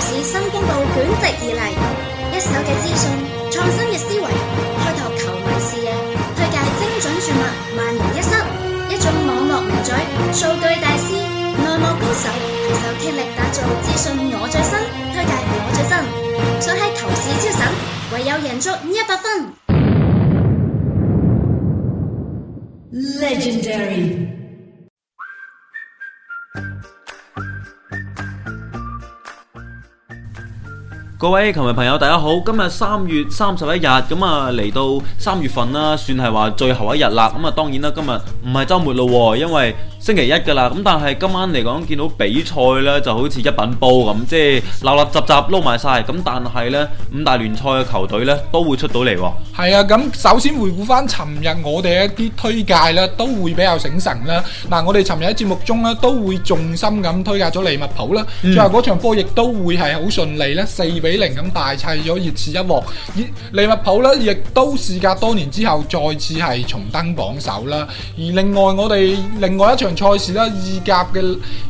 市新風暴卷席而嚟，一手嘅資訊，創新嘅思維，開拓球迷視野，推介精準注物，萬無一失。一種網絡名嘴，數據大師，內幕高手，攜手傾力打造資訊我最新，推介我最新，想喺投市超神，唯有贏足一百分。Legendary。各位球迷朋友，大家好！今日三月三十一日，咁啊嚟到三月份啦，算係話最後一日啦。咁啊，當然啦，今日唔係周末咯，因為。星期一噶啦，咁但係今晚嚟講見到比賽咧，就好似一品煲咁，即係立立雜雜撈埋晒。咁但係咧，五大聯賽嘅球隊咧都會出到嚟。係啊，咁首先回顧翻尋日我哋一啲推介咧，都會比較醒神啦。嗱，我哋尋日喺節目中咧都會重心咁推介咗利物浦啦，最後嗰場波亦都會係好順利咧，四比零咁大砌咗熱刺一鑊。利物浦咧亦都事隔多年之後再次係重登榜首啦。而另外我哋另外一場。賽事啦，意甲嘅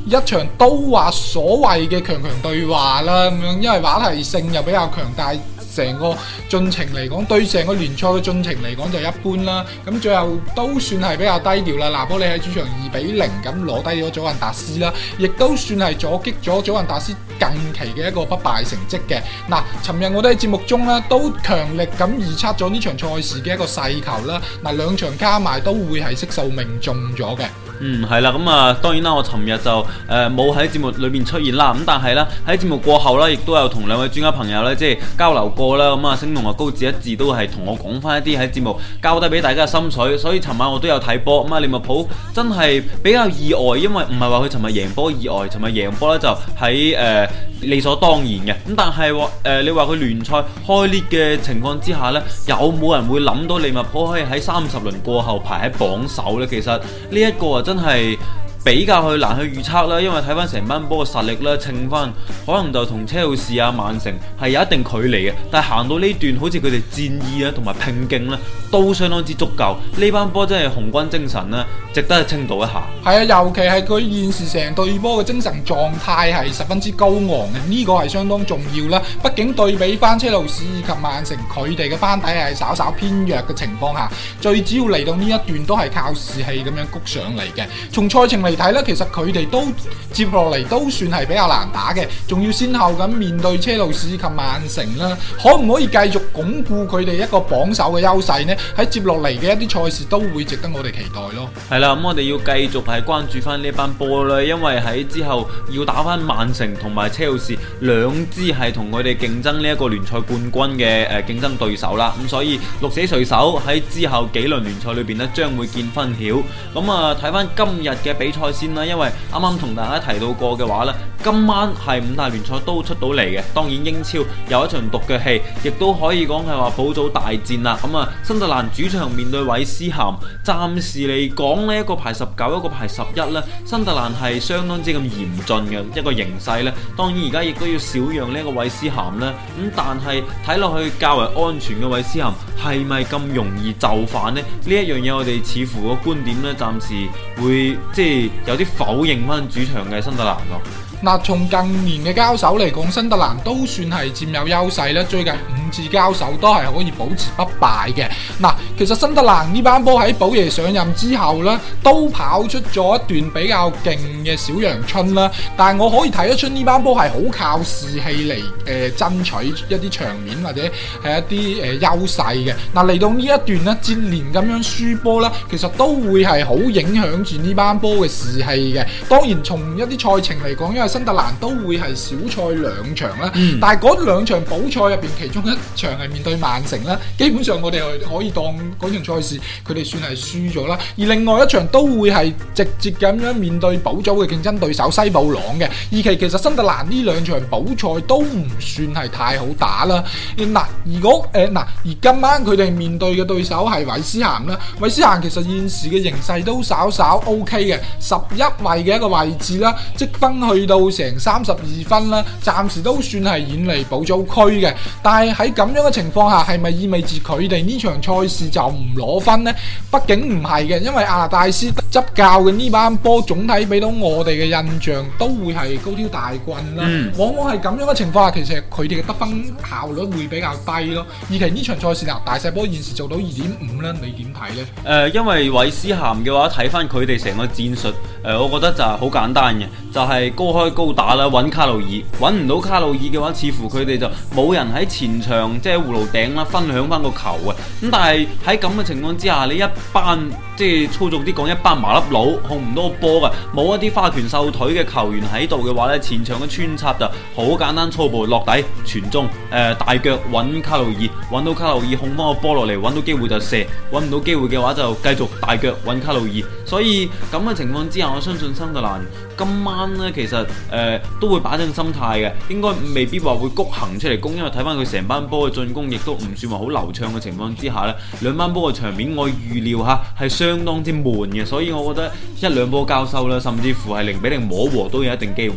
一場都話所謂嘅強強對話啦，咁樣因為話題性又比較強，大，成個進程嚟講，對成個聯賽嘅進程嚟講就一般啦。咁最後都算係比較低調啦。嗱，拿波利喺主場二比零咁攞低咗祖雲達斯啦，亦都算係阻擊咗祖雲達斯近期嘅一個不敗成績嘅。嗱，尋日我哋喺節目中咧都強力咁預測咗呢場賽事嘅一個細球啦。嗱，兩場加埋都會係色受命中咗嘅。嗯，係啦，咁、嗯、啊，當然啦，我尋日就誒冇喺節目裏面出現啦，咁、嗯、但係咧喺節目過後咧，亦都有同兩位專家朋友咧，即係交流過啦，咁、嗯、啊，星龍啊，高志一致都係同我講翻一啲喺節目交低俾大家嘅心水，所以尋晚我都有睇波，啊、嗯，利物浦真係比較意外，因為唔係話佢尋日贏波意外，尋日贏波咧就喺誒理所當然嘅，咁、嗯、但係話、呃、你話佢聯賽開裂嘅情況之下呢，有冇人會諗到利物浦可以喺三十輪過後排喺榜首呢？其實呢一個啊真係。比較去難去預測啦，因為睇翻成班波嘅實力啦，稱翻可能就同車路士啊、曼城係有一定距離嘅。但係行到呢段，好似佢哋戰意咧同埋拼勁呢都相當之足夠。呢班波真係紅軍精神啦，值得去稱道一下。係啊，尤其係佢現時成隊波嘅精神狀態係十分之高昂嘅，呢個係相當重要啦。畢竟對比翻車路士以及曼城，佢哋嘅班底係稍稍偏弱嘅情況下，最主要嚟到呢一段都係靠士氣咁樣谷上嚟嘅。從賽程嚟嚟睇啦，其實佢哋都接落嚟都算係比較難打嘅，仲要先後咁面對車路士及曼城啦，可唔可以繼續鞏固佢哋一個榜首嘅優勢呢？喺接落嚟嘅一啲賽事都會值得我哋期待咯。係啦，咁我哋要繼續係關注翻呢班波啦，因為喺之後要打翻曼城同埋車路士兩支係同佢哋競爭呢一個聯賽冠軍嘅誒競爭對手啦。咁所以鹿死誰手喺之後幾輪聯賽裏邊呢，將會見分曉。咁啊，睇翻今日嘅比賽。先啦，因為啱啱同大家提到過嘅話，呢今晚係五大聯賽都出到嚟嘅。當然英超有一場獨腳戲，亦都可以講係話保組大戰啦。咁啊，新特蘭主場面對韋斯咸，暫時嚟講呢一個排十九，一個排十一呢，新特蘭係相當之咁嚴峻嘅一個形勢呢。當然而家亦都要少讓呢一個韋斯咸呢。咁但係睇落去較為安全嘅韋斯咸係咪咁容易就範呢？呢一樣嘢我哋似乎個觀點呢，暫時會即係。有啲否認翻主場嘅新特蘭咯、啊。嗱，從近年嘅交手嚟講，新德蘭都算係佔有優勢啦。最近五次交手都係可以保持不敗嘅。嗱，其實新德蘭呢班波喺寶爺上任之後咧，都跑出咗一段比較勁嘅小陽春啦。但係我可以睇得出呢班波係好靠士氣嚟誒爭取一啲場面或者係一啲誒優勢嘅。嗱、呃，嚟到呢一段咧接連咁樣輸波啦，其實都會係好影響住呢班波嘅士氣嘅。當然從一啲賽程嚟講，因為新特蘭都會係小賽兩場啦，但係兩場補賽入邊，其中一場係面對曼城啦，基本上我哋可以當嗰場賽事佢哋算係輸咗啦。而另外一場都會係直接咁樣面對補組嘅競爭對手西布朗嘅。二期其實新特蘭呢兩場補賽都唔算係太好打啦。嗱，如果誒嗱，而今晚佢哋面對嘅對手係韋斯咸啦，韋斯咸其實現時嘅形勢都稍稍 OK 嘅，十一位嘅一個位置啦，積分去到。到成三十二分啦，暫時都算係遠離保組區嘅。但係喺咁樣嘅情況下，係咪意味住佢哋呢場賽事就唔攞分呢？畢竟唔係嘅，因為亞大師執教嘅呢班波，總體俾到我哋嘅印象都會係高挑大棍啦、嗯。往往係咁樣嘅情況下，其實佢哋嘅得分效率會比較低咯。而其呢場賽事啦，大細波現時做到二點五啦，你點睇呢？誒、呃，因為韋斯咸嘅話，睇翻佢哋成個戰術，誒、呃，我覺得就係好簡單嘅。就係、是、高開高打啦，揾卡路爾，揾唔到卡路爾嘅話，似乎佢哋就冇人喺前場，即係喺葫蘆頂啦，分享返個球嘅。咁但係喺咁嘅情況之下，呢一班。即係粗俗啲講，一班麻粒佬控唔到波㗎，冇一啲花拳繡腿嘅球員喺度嘅話呢，前場嘅穿插就好簡單粗暴，落底傳中，誒、呃、大腳揾卡路爾，揾到卡路爾控翻個波落嚟，揾到機會就射，揾唔到機會嘅話就繼續大腳揾卡路爾。所以咁嘅情況之下，我相信新特蘭今晚呢，其實誒、呃、都會擺正心態嘅，應該未必話會谷行出嚟攻，因為睇翻佢成班波嘅進攻亦都唔算話好流暢嘅情況之下呢，兩班波嘅場面我預料下。係上。相當之悶嘅，所以我覺得一兩波交收啦，甚至乎係零比零摸和都有一定機會。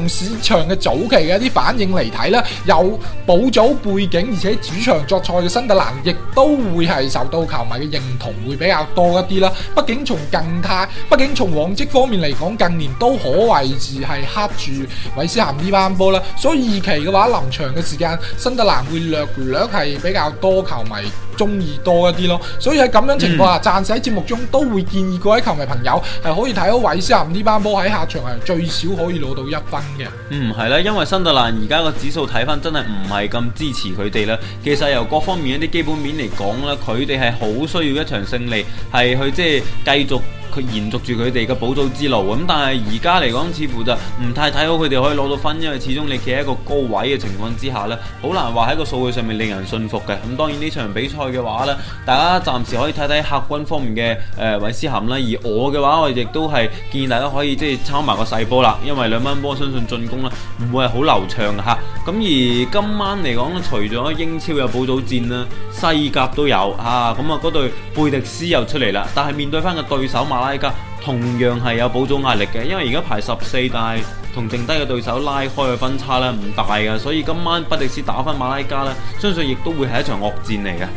從市場嘅早期嘅一啲反應嚟睇咧，有補組背景，而且主場作賽嘅新特蘭亦都會係受到球迷嘅認同會比較多一啲啦。畢竟從近太，畢竟從往績方面嚟講，近年都可謂是係恰住韋斯咸呢班波啦。所以二期嘅話，臨場嘅時間，新特蘭會略略係比較多球迷。中意多一啲咯，所以喺咁樣的情況下，暫時喺節目中都會建議各位球迷朋友係可以睇到韋斯咸呢班波喺客場係最少可以攞到一分嘅。嗯，係啦，因為新特蘭而家個指數睇返真係唔係咁支持佢哋啦。其實由各方面一啲基本面嚟講啦，佢哋係好需要一場勝利，係去即係繼續。佢延續住佢哋嘅保組之路啊！咁但係而家嚟講，似乎就唔太睇好佢哋可以攞到分，因為始終你企喺一個高位嘅情況之下呢，好難話喺個數據上面令人信服嘅。咁當然呢場比賽嘅話呢，大家暫時可以睇睇客軍方面嘅誒韋斯咸啦。而我嘅話，我亦都係建議大家可以即係抄埋個細波啦，因為兩蚊波相信進攻咧唔會係好流暢嘅嚇。咁而今晚嚟講，除咗英超有保組戰啦，西甲都有嚇。咁啊，嗰對貝迪斯又出嚟啦，但係面對翻嘅對手馬拉加同樣係有保級壓力嘅，因為而家排十四，但同剩低嘅對手拉開嘅分差咧唔大㗎，所以今晚貝迪斯打翻馬拉加咧，相信亦都會係一場惡戰嚟嘅。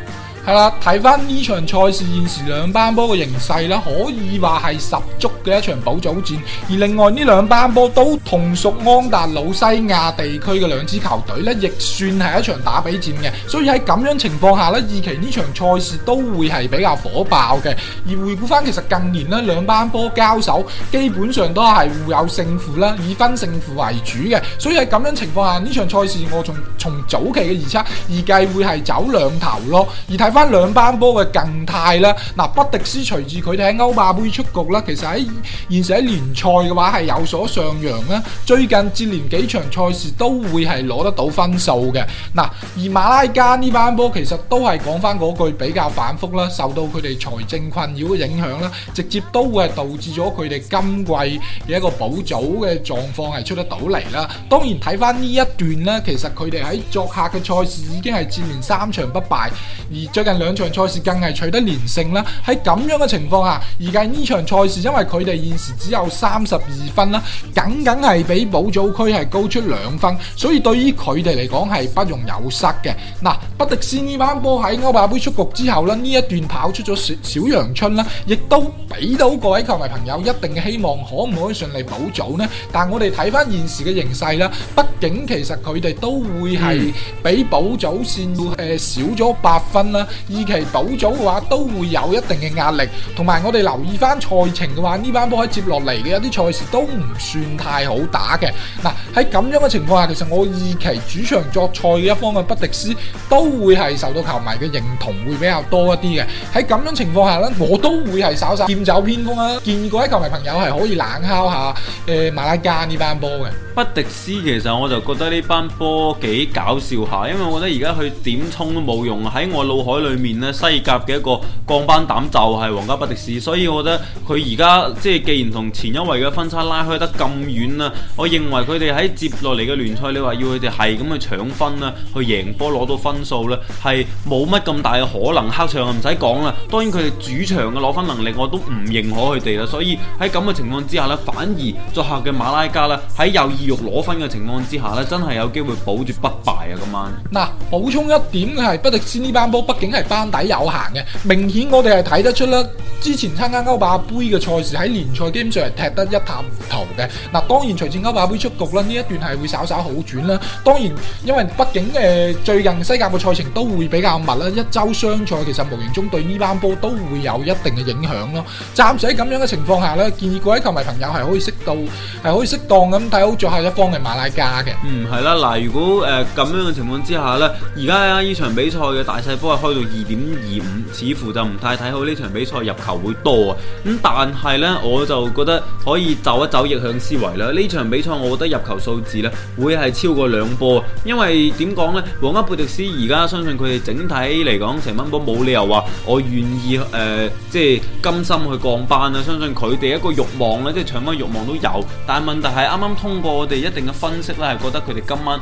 係啦，睇翻呢場賽事現時兩班波嘅形勢啦，可以話係十足嘅一場保組戰。而另外呢兩班波都同屬安達魯西亞地區嘅兩支球隊咧，亦算係一場打比戰嘅。所以喺咁樣情況下咧，二期呢場賽事都會係比較火爆嘅。而回顧翻其實近年咧，兩班波交手基本上都係互有勝負啦，以分勝負為主嘅。所以喺咁樣情況下，呢場賽事我從從早期嘅預測預計會係走兩頭咯，而睇翻兩班波嘅近態啦，嗱，畢迪斯隨住佢哋喺歐霸杯出局啦，其實喺現時喺聯賽嘅話係有所上揚啦。最近接連幾場賽事都會係攞得到分數嘅。嗱，而馬拉加呢班波其實都係講翻嗰句比較反覆啦，受到佢哋財政困擾嘅影響啦，直接都會係導致咗佢哋今季嘅一個補組嘅狀況係出得到嚟啦。當然睇翻呢一段咧，其實佢哋喺作客嘅賽事已經係接連三場不敗，而最近兩場賽事更係取得連勝啦！喺咁樣嘅情況下，而家呢場賽事，因為佢哋現時只有三十二分啦，僅僅係比保組區係高出兩分，所以對於佢哋嚟講係不容有失嘅。嗱、啊，不敵斯呢班波喺歐霸盃出局之後啦，呢一段跑出咗小小陽春啦，亦都俾到各位球迷朋友一定嘅希望，可唔可以順利保組呢？但我哋睇翻現時嘅形勢啦，畢竟其實佢哋都會係比保組線誒、呃、少咗八分啦。二期補組嘅話都會有一定嘅壓力，同埋我哋留意翻，賽程嘅話，呢班波喺接落嚟嘅有啲賽事都唔算太好打嘅。嗱，喺咁樣嘅情況下，其實我二期主場作賽嘅一方嘅比迪斯都會係受到球迷嘅認同會比較多一啲嘅。喺咁樣情況下咧，我都會係稍稍劍走偏鋒啦，建議各位球迷朋友係可以冷敲下誒馬拉加呢班波嘅。比迪斯其實我就覺得呢班波幾搞笑下，因為我覺得而家佢點衝都冇用，喺我腦海，裏面呢，西甲嘅一個降班膽就係皇家不迪斯，所以我覺得佢而家即係既然同前一位嘅分差拉開得咁遠啦，我認為佢哋喺接落嚟嘅聯賽，你話要佢哋係咁去搶分啦，去贏波攞到分數呢，係冇乜咁大嘅可能，黑場就唔使講啦。當然佢哋主場嘅攞分能力我都唔認可佢哋啦，所以喺咁嘅情況之下呢，反而作客嘅馬拉加啦喺有意欲攞分嘅情況之下呢，真係有機會保住不敗啊！今晚嗱，補充一點嘅係畢迪斯呢班波，畢竟。係班底有限嘅，明顯我哋係睇得出啦。之前參加歐霸盃嘅賽事，喺聯賽基本上係踢得一塌糊塗嘅。嗱，當然隨住歐霸盃出局啦，呢一段係會稍稍好轉啦。當然，因為畢竟誒最近西甲嘅賽程都會比較密啦，一周雙賽其實無形中對呢班波都會有一定嘅影響咯。暫時喺咁樣嘅情況下咧，建議各位球迷朋友係可以適度，係可以適當咁睇好最後一方嘅馬拉加嘅。嗯，係啦，嗱，如果誒咁樣嘅情況之下咧，而家呢場比賽嘅大細波係開。到二點二五，似乎就唔太睇好呢場比賽入球會多啊！咁但係呢，我就覺得可以走一走逆向思維啦。呢場比賽，我覺得入球數字呢會係超過兩波，因為點講呢？皇家貝迪斯而家相信佢哋整體嚟講，成班波冇理由話我願意誒、呃，即係甘心去降班啊！相信佢哋一個欲望呢，即係搶分欲望都有，但係問題係啱啱通過我哋一定嘅分析呢，係覺得佢哋今晚，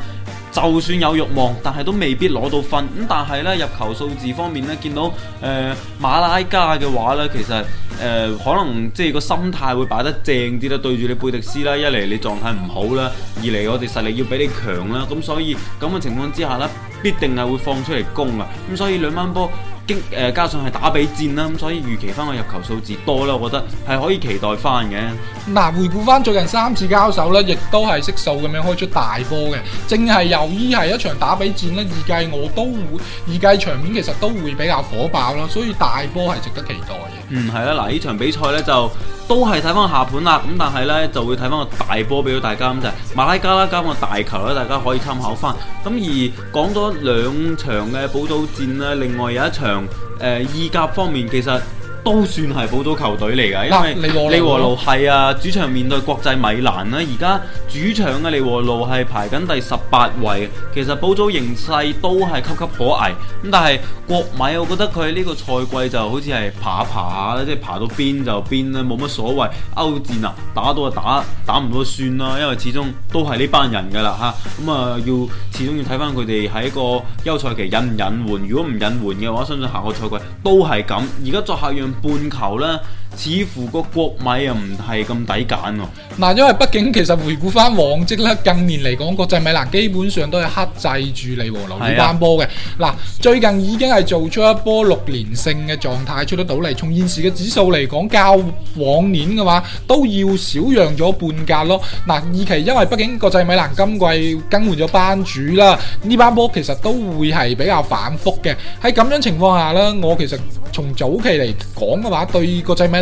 就算有欲望，但係都未必攞到分。咁但係呢，入球數字方面呢，見到誒、呃、馬拉加嘅話呢，其實誒、呃、可能即係個心態會擺得正啲啦。對住你貝迪斯啦，一嚟你狀態唔好啦，二嚟我哋實力要比你強啦。咁所以咁嘅情況之下呢，必定係會放出嚟攻啦。咁所以兩蚊波。激誒加上係打比戰啦，咁所以預期翻個入球數字多啦，我覺得係可以期待翻嘅。嗱，回顧翻最近三次交手咧，亦都係悉數咁樣開出大波嘅。正係由於係一場打比戰咧，預計我都會預計場面其實都會比較火爆啦，所以大波係值得期待嘅。嗯，係啦，嗱，呢場比賽咧就。都係睇翻個下盤啦，咁但係呢，就會睇翻個大波俾到大家咁就係，馬拉加啦加翻個大球啦，大家可以參考翻。咁而講咗兩場嘅補刀戰呢，另外有一場、呃、意甲方面其實。都算係保組球隊嚟嘅，因為利禾奴係啊，主場面對國際米蘭啦、啊。而家主場嘅利禾奴係排緊第十八位，其實保組形勢都係岌岌可危。咁但係國米，我覺得佢呢個賽季就好似係爬爬下，即係爬到邊就邊啦，冇乜所謂。歐戰啊，打到啊打，打唔到算啦，因為始終都係呢班人噶啦吓，咁啊，嗯、要始終要睇翻佢哋喺個休賽期引唔引援，如果唔引援嘅話，相信下個賽季都係咁。而家作客樣半球啦。似乎個國米又唔係咁抵揀喎。嗱，因為畢竟其實回顧翻往績啦，近年嚟講國際米蘭基本上都係克制住利禾奴呢班波嘅。嗱、啊，最近已經係做出一波六連勝嘅狀態出得到嚟。從現時嘅指數嚟講，較往年嘅話都要少讓咗半格咯。嗱，二期因為畢竟國際米蘭今季更換咗班主啦，呢班波其實都會係比較反覆嘅。喺咁樣情況下呢，我其實從早期嚟講嘅話，對國際米。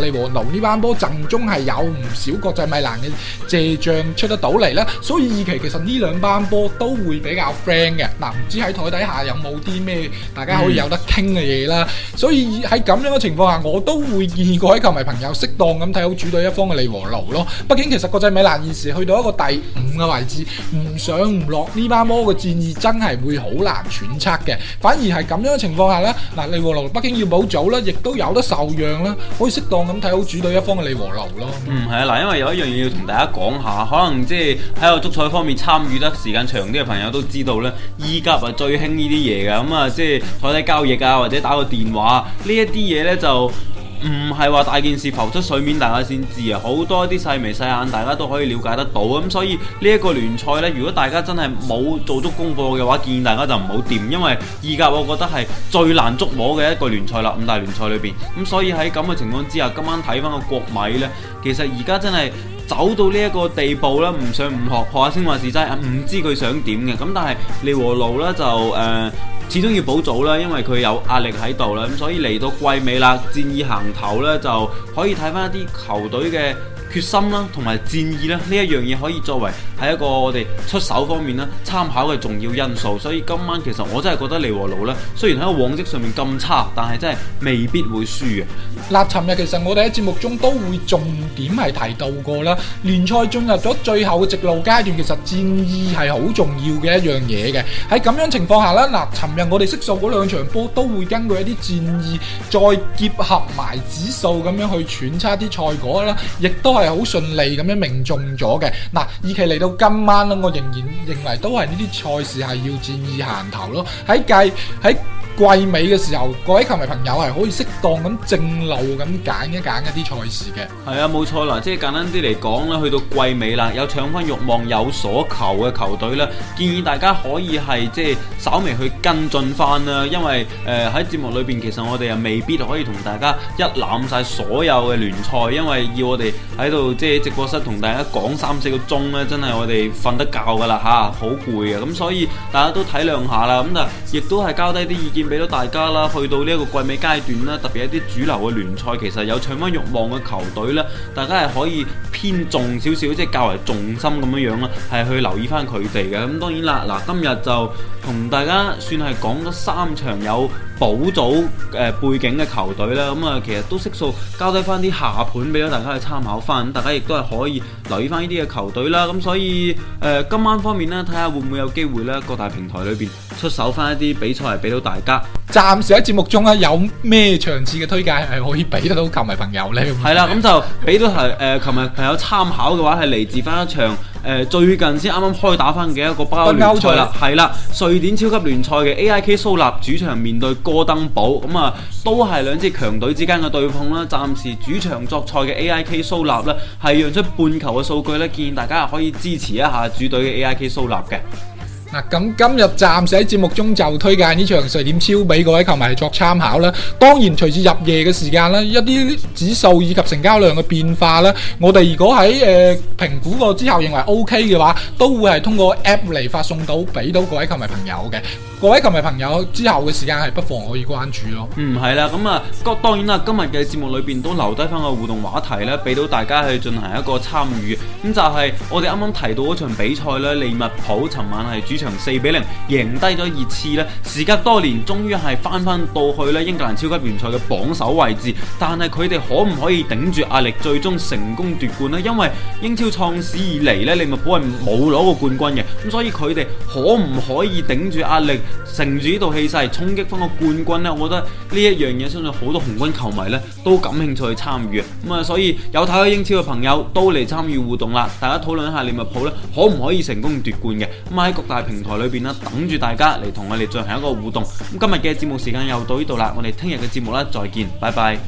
利禾奴呢班波陣中係有唔少國際米蘭嘅借將出得到嚟啦，所以二期其實呢兩班波都會比較 friend 嘅。嗱，唔知喺台底下有冇啲咩大家可以有得傾嘅嘢啦？所以喺咁樣嘅情況下，我都會建議各位球迷朋友適當咁睇好主隊一方嘅利禾奴咯。畢竟其實國際米蘭現時去到一個第五嘅位置，唔上唔落呢班波嘅戰意真係會好難揣測嘅。反而係咁樣嘅情況下咧，嗱，利禾奴畢竟要保組啦，亦都有得受讓啦，可以適當。咁睇好主隊一方嘅利禾奴咯。嗯，係啊，嗱，因為有一樣嘢要同大家講下，可能即係喺個足彩方面參與得時間長啲嘅朋友都知道咧，依家啊最興呢啲嘢㗎，咁啊即係彩底交易啊，或者打個電話呢一啲嘢咧就。唔係話大件事浮出水面大家先知啊，好多啲細眉細眼大家都可以了解得到咁，所以呢一個聯賽呢，如果大家真係冇做足功課嘅話，建議大家就唔好掂，因為意甲我覺得係最難捉摸嘅一個聯賽啦，五大聯賽裏邊，咁所以喺咁嘅情況之下，今晚睇翻個國米呢，其實而家真係走到呢一個地步啦，唔上唔落，下先話事真係唔知佢想點嘅，咁但係利和路呢，就誒。呃始終要補早啦，因為佢有壓力喺度啦，咁所以嚟到季尾啦，戰意行頭咧就可以睇返一啲球隊嘅。決心啦，同埋戰意啦，呢一樣嘢可以作為喺一個我哋出手方面啦參考嘅重要因素。所以今晚其實我真係覺得利禾奴咧，雖然喺個往績上面咁差，但係真係未必會輸嘅。嗱，尋日其實我哋喺節目中都會重點係提到過啦，聯賽進入咗最後嘅直路階段，其實戰意係好重要嘅一樣嘢嘅。喺咁樣情況下啦，嗱，尋日我哋識數嗰兩場波都會根據一啲戰意，再結合埋指數咁樣去揣測啲賽果啦，亦都係。好順利咁樣命中咗嘅，嗱、啊，以期嚟到今晚咧，我仍然認為都係呢啲賽事係要戰意行頭咯，喺計喺。季尾嘅時候，各位球迷朋友係可以適當咁正路咁揀一揀一啲賽事嘅。係啊，冇錯啦，即係簡單啲嚟講啦，去到季尾啦，有搶分欲望、有所求嘅球隊啦，建議大家可以係即係稍微去跟進翻啦，因為誒喺節目裏邊其實我哋又未必可以同大家一覽晒所有嘅聯賽，因為要我哋喺度即係直播室同大家講三四個鐘咧，真係我哋瞓得覺噶啦嚇，好攰啊，咁所以大家都體諒下啦，咁啊，亦都係交低啲意見。俾到大家啦，去到呢一個季尾階段啦，特別一啲主流嘅聯賽，其實有搶分欲望嘅球隊咧，大家係可以偏重少少，即係較為重心咁樣樣啦，係去留意翻佢哋嘅。咁當然啦，嗱今日就同大家算係講咗三場有。保組誒背景嘅球隊啦，咁啊其實都悉數交低翻啲下盤俾咗大家去參考翻，咁大家亦都係可以留意翻呢啲嘅球隊啦。咁所以誒今晚方面呢，睇下會唔會有機會呢各大平台裏邊出手翻一啲比賽係俾到大家。暫時喺節目中咧，有咩場次嘅推介係可以俾得到球迷朋友呢？係 啦，咁就俾到係誒琴日朋友參考嘅話，係嚟自翻一場。最近先啱啱開打翻嘅一個包聯賽啦，係啦，瑞典超級聯賽嘅 A I K 蘇納主場面對哥登堡，咁啊都係兩支強隊之間嘅對碰啦。暫時主場作賽嘅 A I K 蘇納呢，係讓出半球嘅數據呢，建議大家可以支持一下主隊嘅 A I K 蘇納嘅。嗱，咁今日暫時喺節目中就推介呢場瑞典超俾各位球迷作參考啦。當然隨住入夜嘅時間啦，一啲指數以及成交量嘅變化啦，我哋如果喺誒評估過之後認為 O K 嘅話，都會係通過 App 嚟發送到俾到各位球迷朋友嘅。各位球迷朋友之後嘅時間係不妨可以關注咯。嗯，係啦，咁啊，當然啦，今日嘅節目裏面都留低翻個互動話題咧，俾到大家去進行一個參與。咁就係我哋啱啱提到嗰場比賽咧，利物浦尋晚係主四比零贏低咗熱刺呢，時隔多年終於係翻翻到去咧英格蘭超級聯賽嘅榜首位置，但係佢哋可唔可以頂住壓力最終成功奪冠呢？因為英超創始以嚟呢，利物浦係冇攞過冠軍嘅，咁所以佢哋可唔可以頂住壓力，乘住呢度氣勢衝擊翻個冠軍呢？我覺得呢一樣嘢相信好多紅軍球迷呢都感興趣去參與，咁啊，所以有睇緊英超嘅朋友都嚟參與互動啦，大家討論一下利物浦呢可唔可以成功奪冠嘅？咁喺各大平平台裏邊啦，等住大家嚟同我哋進行一個互動。咁今日嘅節目時間又到呢度啦，我哋聽日嘅節目啦，再見，拜拜。